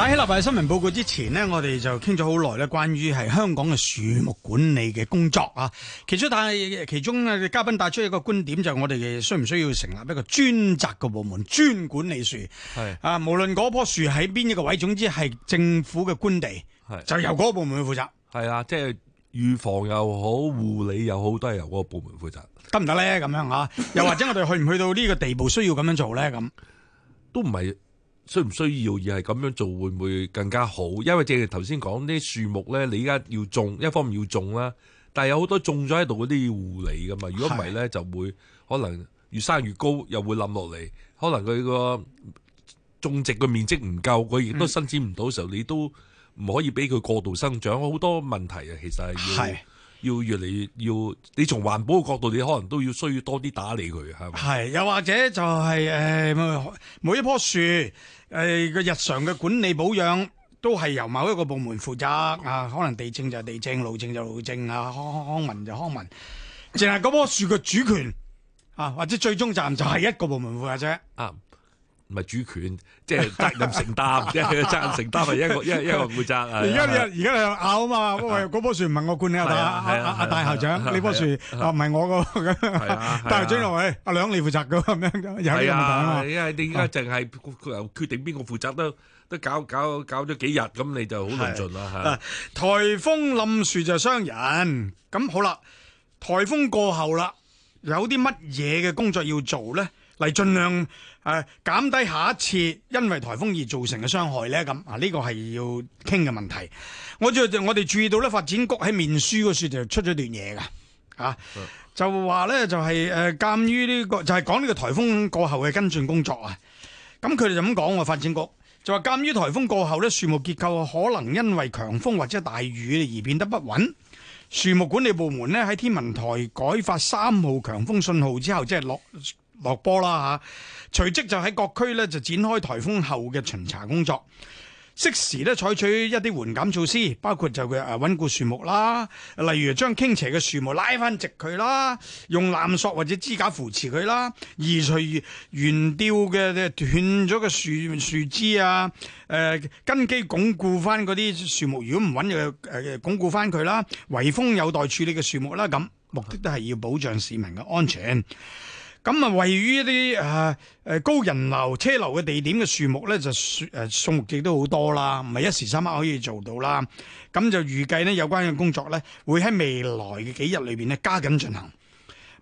喺起立法嘅新聞報告之前呢，我哋就傾咗好耐咧，關於係香港嘅樹木管理嘅工作啊。其中但係其中嘅嘉賓帶出一個觀點，就係我哋需唔需要成立一個專責嘅部門專管理樹？係是啊，無論嗰棵樹喺邊一個位，總之係政府嘅官地，是就由嗰個部門負責。係啊，即係預防又好、護理又好，都係由嗰個部門負責。得唔得咧？咁樣啊？ 又或者我哋去唔去到呢個地步，需要咁樣做咧？咁都唔係，需唔需要，而係咁樣做會唔會更加好？因為正如頭先講啲樹木咧，你而家要種，一方面要種啦，但係有好多種咗喺度嗰啲要護理噶嘛。如果唔係咧，就會可能越生越高，又會冧落嚟。可能佢個種植嘅面積唔夠，佢亦都伸展唔到時候，你都唔可以俾佢過度生長，好多問題啊！其實係要。要越嚟越要，你從環保嘅角度，你可能都要需要多啲打理佢，係咪？又或者就係、係欸、每，每一棵樹誒、欸、日常嘅管理保養，都係由某一個部門負責啊。可能地政就地政，路政就路政啊，康，康民就康民，淨係嗰棵樹嘅主權啊，或者最終站就係一個部門負責啫。啊！唔係主權，即係責任承擔，即係責任承擔係一個一一個負責啊！而家你而家你拗啊嘛，喂，嗰棵樹唔係我管理阿大校長，呢棵樹啊唔係我個，大校長，喂阿梁你負責噶咁樣噶有啲問題啊嘛！你而家淨係佢決定邊個負責都都搞搞搞咗幾日，咁你就好論盡啦吓！颱風冧樹就傷人，咁好啦。颱風過後啦，有啲乜嘢嘅工作要做咧？嚟盡量。誒，減低下一次因為台風而造成嘅傷害呢，咁啊呢個係要傾嘅問題。我就我哋注意到呢發展局喺面書嗰時就出咗段嘢嘅吓，就話呢就係，誒，鑒於呢個就係講呢個台風過後嘅跟進工作啊。咁佢哋就咁講啊，發展局就話鑒於台風過後呢樹木結構可能因為強風或者大雨而變得不穩，樹木管理部門呢喺天文台改發三號強風信號之後，即係落落波啦吓。啊隨即就喺各區咧，就展開台風後嘅巡查工作，適時咧採取一啲緩減措施，包括就佢誒穩固樹木啦，例如將傾斜嘅樹木拉翻直佢啦，用纜索或者支架扶持佢啦，移除懸吊嘅斷咗嘅樹樹枝啊，誒、啊、根基鞏固翻嗰啲樹木，如果唔穩就誒鞏固翻佢啦，圍封有待處理嘅樹木啦，咁目的都係要保障市民嘅安全。 咁啊，位於一啲誒誒高人流車流嘅地點嘅樹木咧，就樹誒數目亦都好多啦，唔係一時三刻可以做到啦。咁就預計咧，有關嘅工作咧，會喺未來嘅幾日裏邊咧，加緊進行。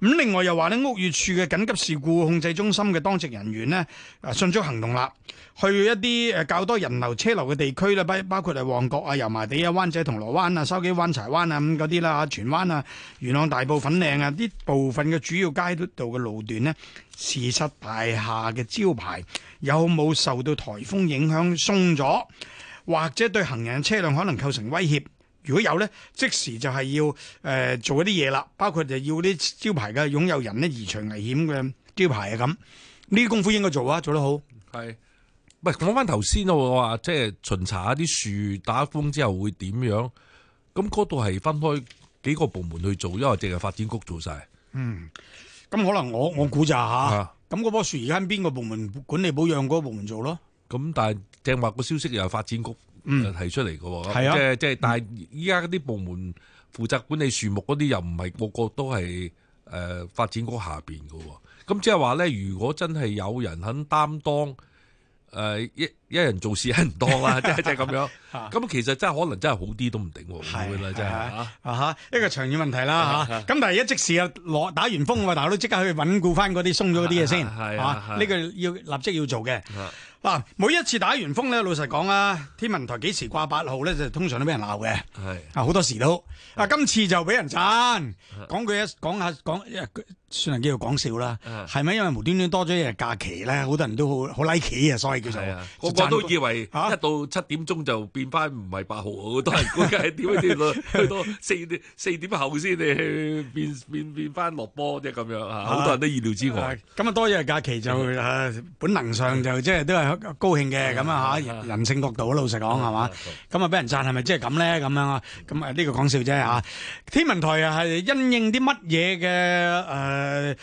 咁另外又話呢，屋宇署嘅緊急事故控制中心嘅當值人員呢，誒迅速行動啦，去一啲誒較多人流車流嘅地區啦，包包括係旺角啊、油麻地啊、灣仔銅鑼灣啊、筲箕灣柴灣啊咁嗰啲啦、荃灣啊、元朗大部分粉嶺啊，啲部分嘅主要街道嘅路段呢，視察大廈嘅招牌有冇受到颱風影響鬆咗，或者對行人車輛可能構成威脅？如果有咧，即時就係要誒、呃、做一啲嘢啦，包括就要啲招牌嘅擁有人咧移除危險嘅招牌啊咁，呢啲功夫應該做啊，做得好。係，唔係講翻頭先我話即係巡查一啲樹打風之後會點樣？咁嗰度係分開幾個部門去做，因為淨係發展局做晒。嗯，咁可能我我估咋嚇？咁嗰棵樹而家邊個部門管理保養？嗰個部門做咯。咁但係正話個消息又係發展局。提出嚟嘅，即係即係，但係依家啲部門負責管理樹木嗰啲，又唔係個個都係誒發展局下邊嘅，咁即係話咧，如果真係有人肯擔當，誒一一人做事一人當啦，即係咁樣，咁其實真係可能真係好啲都唔定喎，咁嘅啦，真係啊嚇，一個長遠問題啦嚇，咁但係一即時又攞打完風啊嘛，但即刻去穩固翻嗰啲鬆咗啲嘢先，啊，呢個要立即要做嘅。嗱，每一次打完風咧，老實講啊，天文台幾時掛八號咧，就通常都俾人鬧嘅。係啊，好多時都啊，是的 今次就俾人讚，講是的 句，一講下講算係叫做講笑啦，係咪因為無端端多咗一日假期咧？好多人都好好 like 嘅，所以叫做我都以為一到七點鐘就變翻唔係八號，好多人估計係點先去到四點四點後先嚟變變變翻落波啫咁樣吓，好多人都意料之外。咁啊多一日假期就誒本能上就即係都係高興嘅咁啊吓，人性角度啊老實講係嘛，咁啊俾人讚係咪即係咁咧咁樣啊？咁啊呢個講笑啫吓，天文台啊係因應啲乜嘢嘅誒？誒，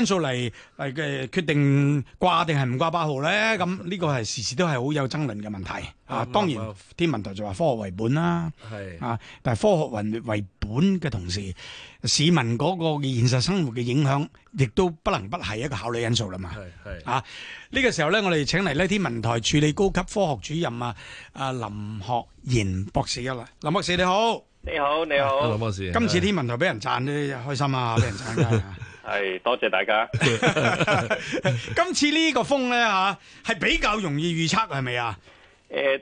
因素嚟係嘅決定掛定係唔掛八號咧？咁呢個係時時都係好有爭論嘅問題啊！當然天文台就話科學為本啦，係啊，但係科學為為本嘅同時，市民嗰個現實生活嘅影響，亦都不能不係一個考慮因素啦嘛。係係啊，呢個時候咧，我哋請嚟呢天文台署理高級科學主任啊，阿林學賢博士噶啦，林博士你好。你好，你好，林博士。今次天文台俾人讚咧，的開心啊！俾人讚係多謝大家。 今次呢個風呢，吓，係比較容易預測，係咪啊？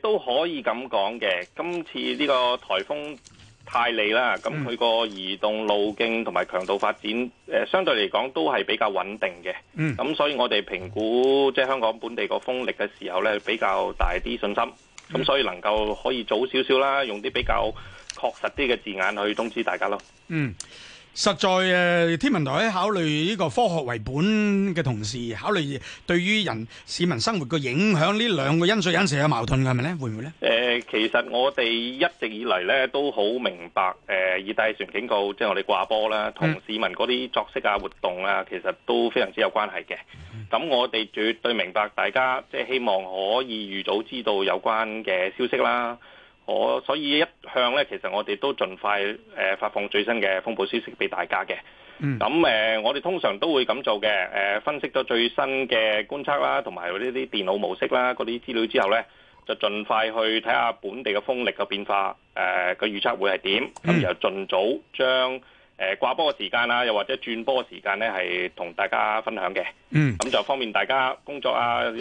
都可以咁講嘅。今次呢個颱風泰利啦，咁佢個移動路徑同埋強度發展，誒、呃，相對嚟講都係比較穩定嘅。嗯，咁所以我哋評估即係、就是、香港本地個風力嘅時候呢，比較大啲信心。咁所以能夠可以早少少啦，用啲比較。確實啲嘅字眼去通知大家咯。嗯，實在誒，天文台喺考慮呢個科學為本嘅同時，考慮對於人市民生活嘅影響，呢兩個因素，有冇矛盾嘅係咪咧？會唔會咧？誒，其實我哋一直以嚟咧都好明白，誒，熱帶氣旋警告，即係我哋掛波啦，同市民嗰啲作息啊、活動啊，其實都非常之有關係嘅。咁我哋絕對明白大家即係希望可以預早知道有關嘅消息啦。我所以一向咧，其實我哋都盡快誒、呃、發放最新嘅風暴消息俾大家嘅。嗯。咁、呃、誒，我哋通常都會咁做嘅。誒、呃，分析咗最新嘅觀測啦，同埋呢啲電腦模式啦，嗰啲資料之後咧，就盡快去睇下本地嘅風力嘅變化，誒、呃、個預測會係點，咁就盡早將，誒掛、呃、波嘅時間啦，又或者轉波嘅時間咧，係同大家分享嘅。嗯，咁就方便大家工作啊，又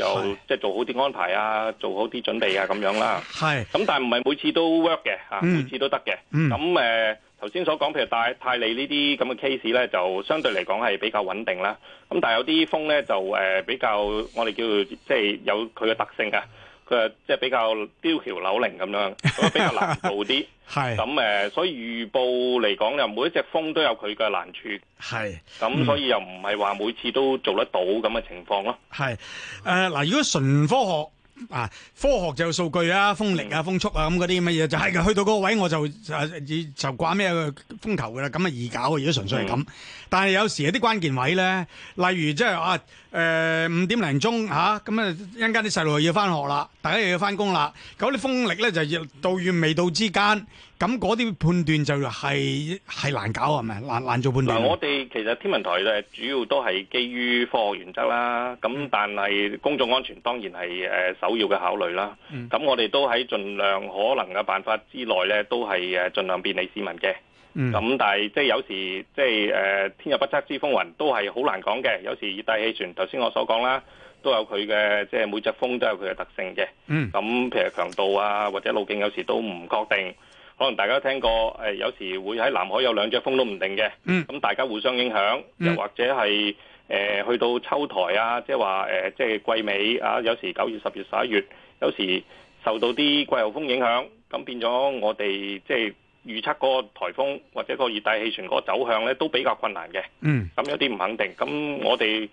即係是做好啲安排啊，做好啲準備啊，咁樣啦。咁是但係唔係每次都 work 嘅、嗯啊、每次都得嘅。嗯。咁誒，頭、呃、先所講，譬如大泰、泰利這這呢啲咁嘅 case 咧，就相對嚟講係比較穩定啦。咁但係有啲風咧，就誒、呃、比較，我哋叫即係有佢嘅特性嘅、啊。佢話即係比較刁橋扭擰咁樣，比較難做啲。係咁誒。所以預報嚟講，又每一隻風都有佢嘅難處，係咁是，嗯、所以又唔係話每次都做得到咁嘅情況咯。係誒嗱，如果純科學。啊！科學就有數據啊，風力啊、風速啊咁，嗰啲乜嘢就係、係、嘅。去到嗰個位我就就掛掛咩風球㗎啦。咁啊易搞，而家純粹係咁。但係有時有啲關鍵位咧，例如即係啊誒五點零鐘嚇咁啊，呃、啊一陣間啲細路要翻學啦，大家又要翻工啦，嗰啲風力咧就要到與未到之間。咁嗰啲判斷就係係難搞啊，係咪難難做判斷？嗱，我哋其實天文台嘅主要都係基於科學原則啦。咁但係公眾安全當然係誒首要嘅考慮啦。咁我哋都喺盡量可能嘅辦法之內咧，都係誒盡量便利市民嘅。咁但係即係有時即係誒天有不測之風雲，都係好難講嘅。有時熱帶氣旋頭先我所講啦，都有佢嘅即係每隻風都有佢嘅特性嘅。咁譬如強度啊，或者路徑，有時都唔確定。可能大家都聽過誒，有時會喺南海有兩隻風都唔定嘅。嗯，咁大家互相影響，又或者係誒、呃、去到秋台啊，即係話，誒、呃，即係季尾啊，有時九月、十月、十一月，有時受到啲季候風影響，咁變咗我哋即係預測個颱風或者個熱帶氣旋個走向咧，都比較困難嘅。嗯，咁有啲唔肯定。咁我哋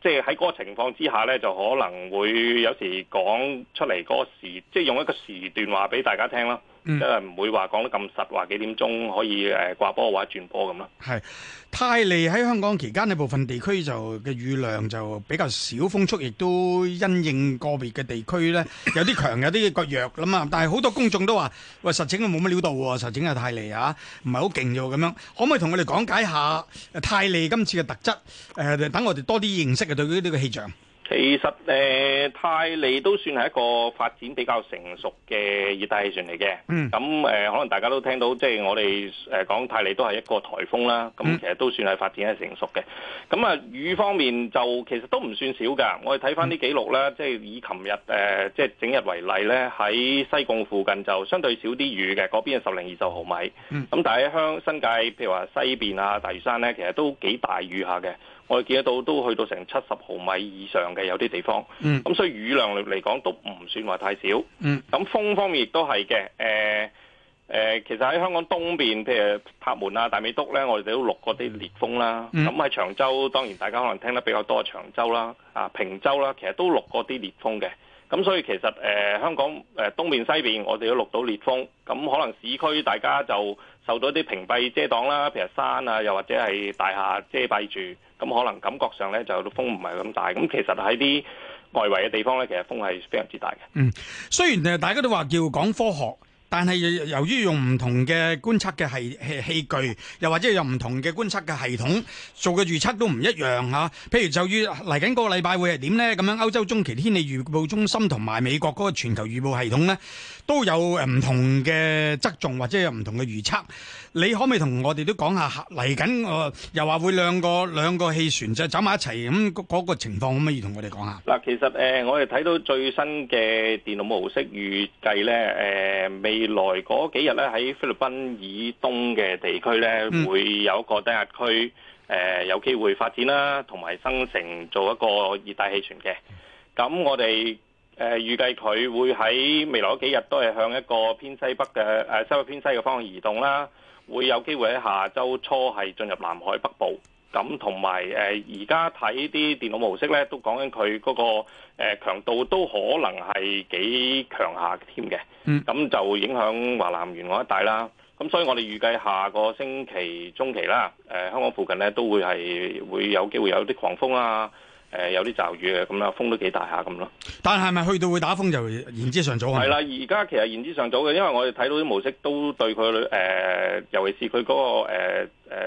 即係喺嗰個情況之下咧，就可能會有時講出嚟嗰個時，即係用一個時段話俾大家聽咯。嗯，即係唔會話講得咁實，話幾點鐘可以誒掛、呃、波或者轉波咁啦，係泰利喺香港期間，呢部分地區就嘅雨量就比較少，風速亦都因應個別嘅地區呢有啲強，有啲個弱啦嘛。但係好多公眾都話，喂，實情冇乜料到，實情係泰利啊，唔係好勁咋喎咁樣。可唔可以同我哋講解下泰利今次嘅特質？誒、呃，等我哋多啲認識啊，對呢個氣象。其實誒、呃、泰利都算係一個發展比較成熟嘅熱帶氣旋嚟嘅，咁誒、嗯呃、可能大家都聽到，即、就、係、是、我哋誒講泰利都係一個颱風啦，咁其實都算係發展係成熟嘅。咁啊雨方面就其實都唔算少噶，我哋睇翻啲記錄啦，即係、嗯、以琴日誒即係整日為例咧，喺西貢附近就相對少啲雨嘅，嗰邊係十零二十毫米。咁、嗯、但係喺香新界，譬如話西邊啊大嶼山咧，其實都幾大雨下嘅。我見得到都去到成七十毫米以上嘅，有啲地方。咁所以雨量嚟講都唔算話太少。咁風方面亦都係嘅。其實喺香港東面，譬如塔門啊、大美督咧，我哋都錄過啲烈風啦。咁喺、嗯、長洲，當然大家可能聽得比較多係長洲啦，啊平洲啦，其實都錄過啲烈風嘅。咁所以其實、呃、香港誒、呃、東面、西面，我哋都錄到烈風。咁可能市區大家就受到啲屏蔽遮擋啦，譬如山啊，又或者係大廈遮蔽住。咁可能感覺上咧就風唔係咁大，咁其實喺啲外圍嘅地方咧，其實風係非常之大嘅。嗯，雖然誒，大家都話要講科學。但係由於用唔同嘅觀測嘅系器具，又或者用唔同嘅觀測嘅系統做嘅預測都唔一樣吓，譬如就於嚟緊個禮拜會係點咧？咁樣歐洲中期天氣預報中心同埋美國嗰個全球預報系統咧，都有誒唔同嘅側重或者有唔同嘅預測，你可唔可以同我哋都講下嚟緊？誒又話會兩個兩個氣旋就走埋一齊，咁嗰個情況可唔可以同我哋講下？嗱，其實誒我哋睇到最新嘅電腦模式預計咧誒。未。未來嗰幾日咧，喺菲律賓以東嘅地區咧，會有一個低壓區，誒有機會發展啦，同埋生成做一個熱帶氣旋嘅。咁我哋誒預計佢會喺未來嗰幾日都係向一個偏西北嘅誒西北偏西嘅方向移動啦，會有機會喺下週初係進入南海北部。咁同埋、呃、而家睇啲電腦模式咧，都講緊佢嗰個、呃、強度都可能係幾強下添嘅。咁、嗯、就影響華南沿岸一帶啦。咁所以我哋預計下個星期中期啦，呃、香港附近咧都會係會有機會有啲狂風啊，呃、有啲驟雨嘅咁啦，風都幾大下咁咯。但係咪去到會打風就言之尚早啊？係啦，而家其實言之尚早嘅，因為我哋睇到啲模式都對佢、呃、尤其是佢嗰個、呃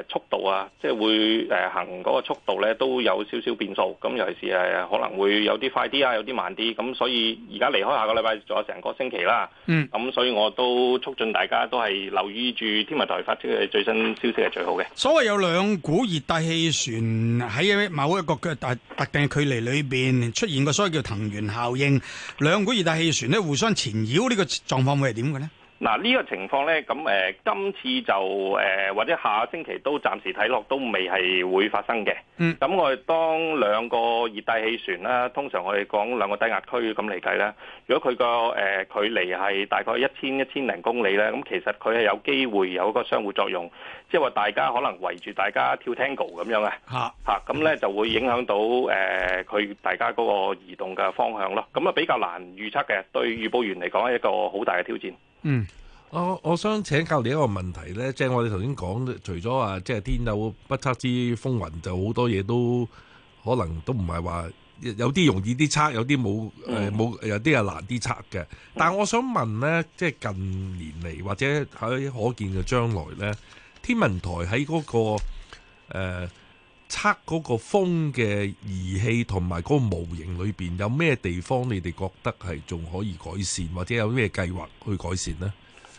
誒速度啊，即係會誒行嗰個速度咧，都有少少變數，咁尤其是係可能會有啲快啲啊，有啲慢啲。咁所以而家離開下個禮拜仲有成個星期啦。嗯，咁所以我都促進大家都係留意住天文台發出嘅最新消息係最好嘅。所謂有兩股熱帶氣旋喺某一個嘅特特定距離裏邊出現個所謂叫藤原效應，兩股熱帶氣旋咧互相纏繞呢個狀況會係點嘅咧？嗱，呢個情況咧，咁誒、呃、今次就誒、呃、或者下個星期都暫時睇落都未係會發生嘅。嗯，咁我哋當兩個熱帶氣旋啦，通常我哋講兩個低壓區咁嚟計啦，如果佢個誒距離係大概一千一千零公里咧，咁其實佢係有機會有個相互作用，即係話大家可能圍住大家跳 tango 咁樣啊，吓吓、啊，咁咧就會影響到誒佢、呃、大家嗰個移動嘅方向咯，咁啊比較難預測嘅，對預報員嚟講係一個好大嘅挑戰。嗯。我我想請教你一個問題呢，即係我哋頭先講，除咗話即係天有不測之風雲，就好多嘢都可能都唔係話有啲容易啲測，有啲冇誒冇，有啲係難啲測嘅。但係我想問呢，即係近年嚟或者喺可見嘅將來呢，天文台喺嗰個誒測嗰個風嘅儀器同埋嗰個模型裏邊，有咩地方你哋覺得係仲可以改善，或者有咩計劃去改善呢？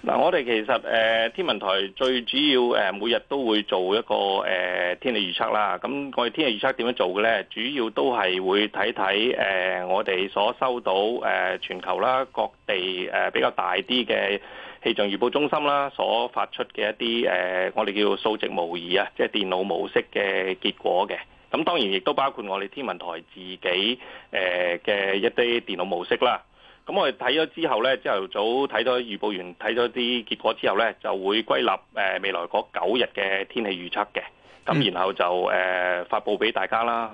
嗱，我哋其實誒天文台最主要誒每日都會做一個誒天氣預測啦。咁我哋天氣預測點樣做嘅咧？主要都係會睇睇誒我哋所收到誒全球啦各地，誒比較大啲嘅氣象預報中心啦所發出嘅一啲誒我哋叫數值模擬啊，即係電腦模式嘅結果嘅。咁當然亦都包括我哋天文台自己誒嘅一啲電腦模式啦。咁我哋睇咗之後呢，朝頭早睇咗預報員睇咗啲結果之後呢，就會歸納誒未來嗰九日嘅天氣預測嘅，咁然後就誒發佈俾大家啦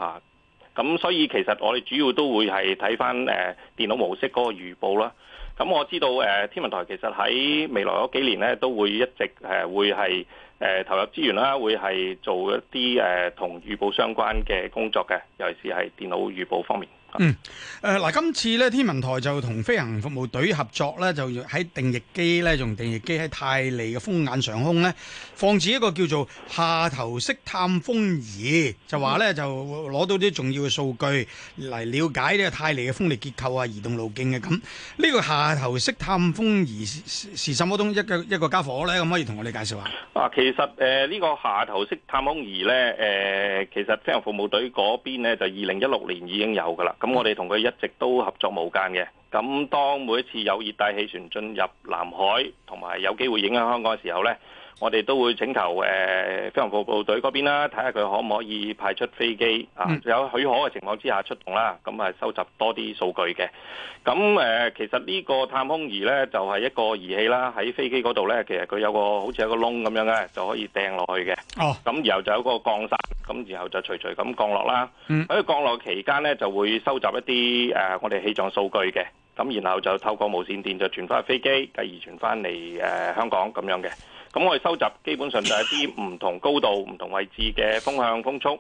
嚇。咁所以其實我哋主要都會係睇翻誒電腦模式嗰個預報啦。咁我知道誒天文台其實喺未來嗰幾年呢，都會一直誒會係誒投入資源啦，會係做一啲誒同預報相關嘅工作嘅，尤其是係電腦預報方面。嗯，誒、呃、嗱，今次咧，天文台就同飛行服務隊合作咧，就喺定翼機咧，用定翼機喺泰利嘅風眼上空咧，放置一個叫做下頭式探風儀，就話咧就攞到啲重要嘅數據嚟了解呢個泰利嘅風力結構啊、移動路徑嘅。咁呢個下頭式探風儀是是什麼東一個一個家伙咧？咁可以同我哋介紹下。啊，其實誒呢、呃這個下頭式探空儀咧，誒、呃、其實飛行服務隊嗰邊咧就二零一六年已經有噶啦。咁我哋同佢一直都合作無間嘅。咁當每一次有熱帶氣旋進入南海，同埋有機會影響香港嘅時候咧，我哋都會請求誒、呃、飛行部部隊嗰邊啦，睇下佢可唔可以派出飛機啊？有許可嘅情況之下出動啦，咁係收集多啲數據嘅。咁、呃、其實呢個探空儀咧就係、是、一個儀器啦，喺飛機嗰度咧，其實佢有個好似有個窿咁樣嘅，就可以掟落去嘅。哦，咁然後就有個降傘，咁然後就隨隨咁降落啦。嗯，喺降落期間咧就會收集一啲誒、呃、我哋氣象數據嘅，咁然後就透過無線電就傳翻去飛機，繼而傳翻嚟、呃、香港咁樣嘅。咁我哋收集基本上就係啲唔同高度、唔同位置嘅風向、風速、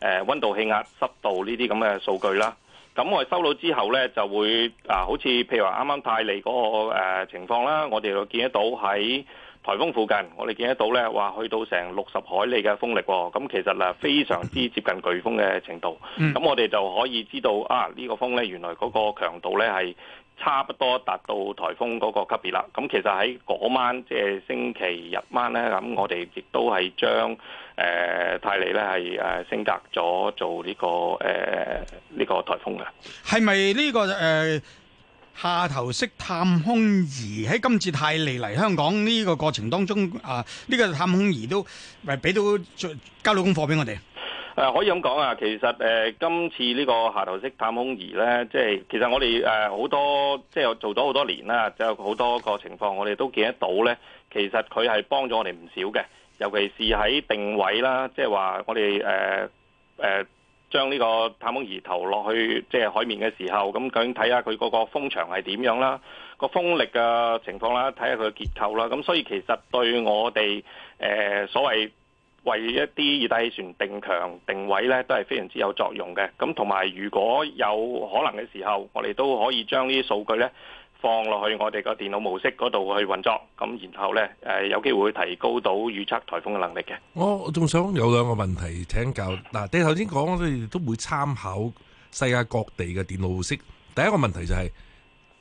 呃、溫度、氣壓、濕度呢啲咁嘅數據啦。咁我哋收到之後呢，就會啊，好似譬如話啱啱泰利嗰、嗰個、呃、情況啦，我哋就見得到喺颱風附近，我哋見得到呢，話去到成六十海里嘅風力喎、哦。咁其實啊，非常之接近颶風嘅程度。咁我哋就可以知道啊，呢、呢個風呢，原來嗰個強度呢係，差不多達到颱風嗰個級別啦。咁其實喺嗰晚即係星期日晚咧，咁我哋亦都係將誒、呃、泰利咧係誒升格咗做呢、這個誒呢、呃這個颱風嘅。係咪呢個誒、呃、下頭式探空儀喺今次泰利嚟香港呢個過程當中啊？呢、呃這個探空儀都係俾到交到功課俾我哋？誒，可以咁講啊，其實今次呢個下投式探空儀咧，即係其實我哋好多，即係做咗好多年啦，就有好多個情況，我哋都見得到咧。其實佢係幫咗我哋唔少嘅，尤其是喺定位啦，即係話我哋誒、呃呃、將呢個探空儀投落去即係、就是、海面嘅時候，咁究竟睇下佢嗰個風場係點樣啦，個風力嘅情況啦，睇下佢嘅結構啦，咁所以其實對我哋誒、呃、所謂。為一啲熱帶氣旋定強定位咧，都係非常之有作用嘅。咁同埋，如果有可能嘅時候，我哋都可以將呢啲數據咧放落去我哋個電腦模式嗰度去運作，咁然後咧，誒有機會提高到預測颱風嘅能力嘅。我我仲想有兩個問題請教。嗱，你頭先講我哋都會參考世界各地嘅電腦模式。第一個問題就係。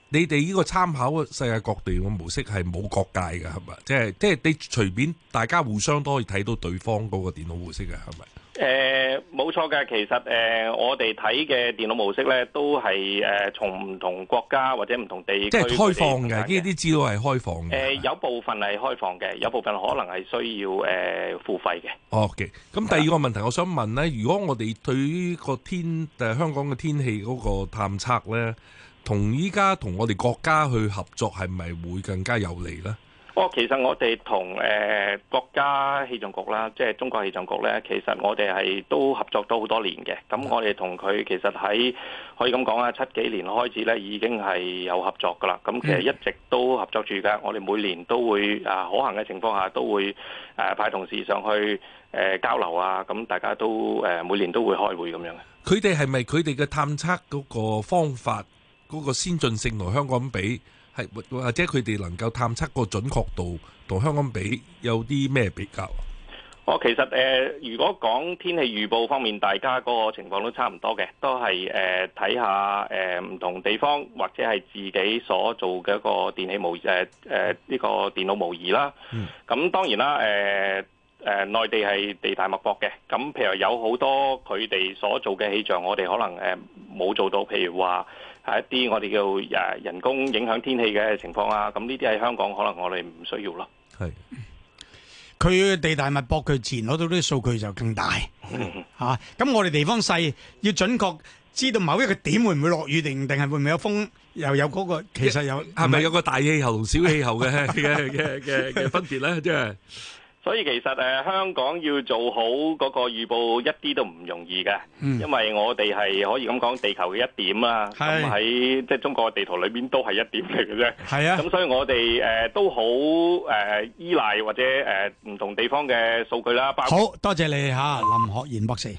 你哋呢個參考世界各地嘅模式係冇國界嘅，係咪？即係即係你隨便大家互相都可以睇到對方嗰個電腦模式嘅，係咪？誒、呃，冇錯嘅。其實誒、呃，我哋睇嘅電腦模式咧，都係誒從唔同國家或者唔同地區開放嘅。呢啲資料係開放嘅。誒、呃，有部分係開放嘅，有部分可能係需要誒、呃、付費嘅。哦嘅。咁第二個問題，我想問咧，如果我哋對於個天誒香港嘅天氣嗰個探測咧，同依家同我哋國家去合作，係咪會更加有利咧？哦，其實我哋同誒國家氣象局啦，即係中國氣象局咧，其實我哋係都合作多好多年嘅。咁我哋同佢其實喺可以咁講啊，七幾年開始咧，已經係有合作噶啦。咁其實一直都合作住噶。嗯、我哋每年都會啊，可行嘅情況下都會誒、啊、派同事上去誒、啊、交流啊。咁大家都誒、啊、每年都會開會咁樣。佢哋係咪佢哋嘅探測嗰個方法？嗰個先進性同香港比，係或者佢哋能夠探測個準確度同香港比有啲咩比較？哦，其實誒，如果講天氣預報方面，大家嗰個情況都差唔多嘅，都係誒睇下誒唔同地方或者係自己所做嘅一個電氣模誒誒呢個電腦模擬啦。咁當然啦，誒誒內地係地大物博嘅，咁譬如有好多佢哋所做嘅氣象，我哋可能誒冇做到，譬如話。係一啲我哋叫誒人工影響天氣嘅情況啊，咁呢啲喺香港可能我哋唔需要咯。係是，佢地大物博，佢自然攞到啲數據就更大嚇。咁、 啊、我哋地方細，要準確知道某一個點會唔會落雨，定定係會唔會有風，又有嗰，那個其實有係咪有個大氣候同小氣候嘅嘅嘅嘅分別咧？即係。所以其實誒香港要做好嗰個預報一啲都唔容易嘅，嗯，因為我哋係可以咁講地球嘅一點啦，咁喺即係中國嘅地圖裏邊都係一點嚟嘅啫。係啊，咁所以我哋誒都好誒依賴或者誒唔同地方嘅數據啦。包括⋯⋯好多謝你嚇，林學賢博士。